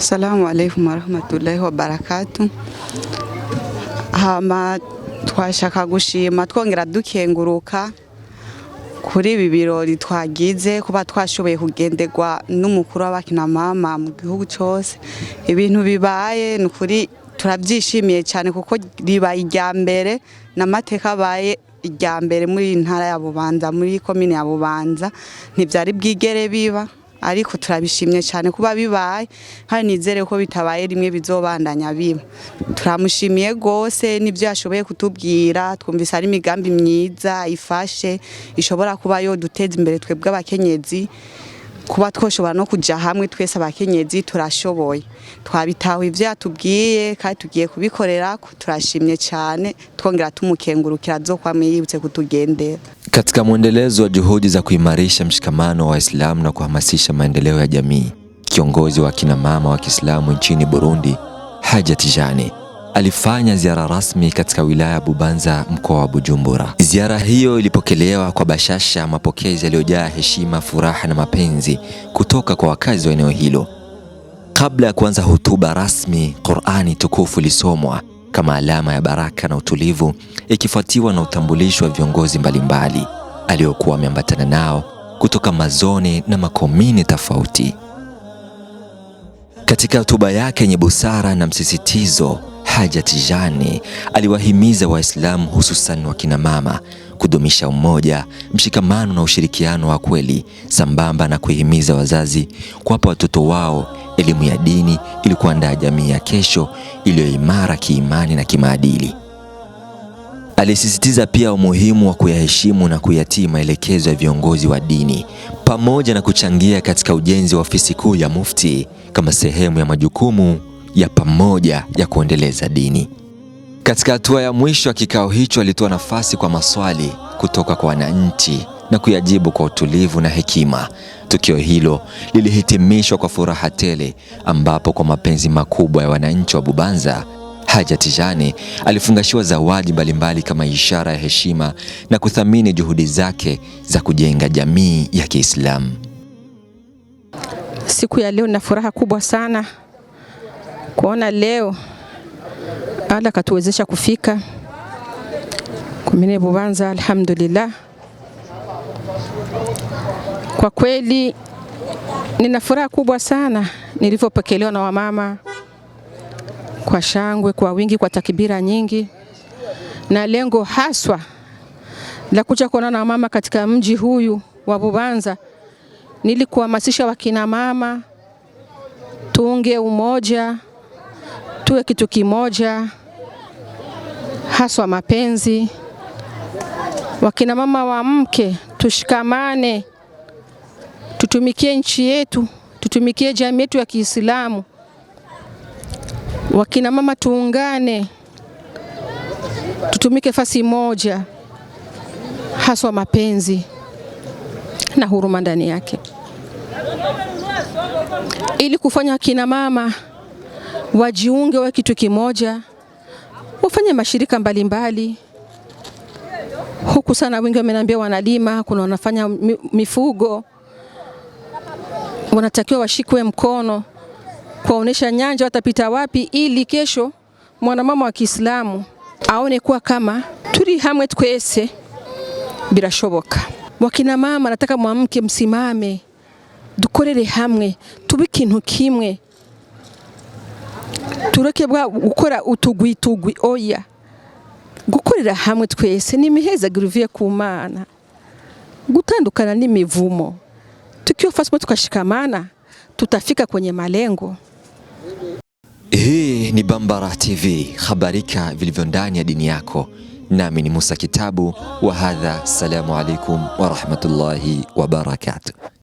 Assalamu alaikum warahmatullahi wabarakatu hama twashaka gushima twongera dukenguruka kuri ibi birori twagize kuba twashoboye kugenderwa n'umukuru w’abakina mama mu gihugu cyose ibintu bibaye ni ukuri turabyishimiye cyane kuko ribaye irya mbere n'amateka abaye irya mbere muri iyi ntara ya bubanza muri komine ya bubanza ntibyari bwigere biba ariko turabishimye cyane kuba bibaye kandi nizere ko bitabaye rimwe bizobandanya biba turamushimiye rwose n'ibyo yashoboye kutubwira twumvise ari imigambi myiza ifashe ishobora kuba yo duteza imbere twebwe abakenyezi kuba twoshobora no kujya hamwe twese abakenyezi turashoboye twabitaho ivyo yatubwiye kandi tugiye kubikorera turashimye cyane twongera tumukengurukira kwa yibutse kutugendera. Katika mwendelezo wa juhudi za kuimarisha mshikamano wa Waislamu na kuhamasisha maendeleo ya jamii, kiongozi wa kina mama wa Kiislamu nchini Burundi Haja tijani alifanya ziara rasmi katika wilaya ya Bubanza mkoa wa Bujumbura. Ziara hiyo ilipokelewa kwa bashasha, mapokezi yaliyojaa heshima, furaha na mapenzi kutoka kwa wakazi wa eneo hilo. Kabla ya kuanza hotuba rasmi, Qur'ani tukufu ilisomwa kama alama ya baraka na utulivu, ikifuatiwa na utambulisho wa viongozi mbalimbali aliokuwa ameambatana nao kutoka mazoni na makomini tofauti. Katika hotuba yake yenye busara na msisitizo Haja Tijani aliwahimiza Waislamu hususan wakina mama kudumisha umoja, mshikamano na ushirikiano wa kweli sambamba na kuhimiza wazazi kuwapa watoto wao elimu ya dini ili kuandaa jamii ya kesho iliyoimara kiimani na kimaadili. Alisisitiza pia umuhimu wa kuyaheshimu na kuyatii maelekezo ya viongozi wa dini pamoja na kuchangia katika ujenzi wa ofisi kuu ya Mufti kama sehemu ya majukumu ya pamoja ya kuendeleza dini. Katika hatua ya mwisho ya kikao hicho, alitoa nafasi kwa maswali kutoka kwa wananchi na kuyajibu kwa utulivu na hekima. Tukio hilo lilihitimishwa kwa furaha tele, ambapo kwa mapenzi makubwa ya wananchi wa Bubanza, Haja Tijani alifungashiwa zawadi mbalimbali kama ishara ya heshima na kuthamini juhudi zake za kujenga jamii ya Kiislamu. Siku ya leo na furaha kubwa sana kuona leo Allah katuwezesha kufika kumine Bubanza, alhamdulillah. Kwa kweli nina furaha kubwa sana nilivyopokelewa na wamama kwa shangwe, kwa wingi, kwa takibira nyingi, na lengo haswa la kuja kuona na wamama katika mji huyu wa Bubanza nili kuhamasisha wakina mama tunge umoja tuwe kitu kimoja, haswa mapenzi. Wakina mama wa mke, tushikamane, tutumikie nchi yetu, tutumikie jamii yetu ya Kiislamu. Wakina mama tuungane, tutumike fasi moja, haswa mapenzi na huruma ndani yake, ili kufanya kina mama wajiunge wa kitu kimoja, wafanye mashirika mbalimbali mbali. Huku sana wengi wameniambia wanalima, kuna wanafanya mifugo, wanatakiwa washikwe mkono kuwaonesha nyanja watapita wapi, ili kesho mwanamama wa Kiislamu aone kuwa kama turi hamwe twese birashoboka. Wakina mama, nataka mwamke, msimame dukorere hamwe, tube ikintu kimwe tureke bwa gukora utugwitugwi oya gukorera hamwe twese ni miheza gruvie ku mana gutandukana n'imivumo fasmo tukashikamana tutafika kwenye malengo. Hii ni Bambara TV, habarika vilivyo ndani ya dini yako, nami ni Musa Kitabu wa hadha. salamu alaikum warahmatullahi barakatuh.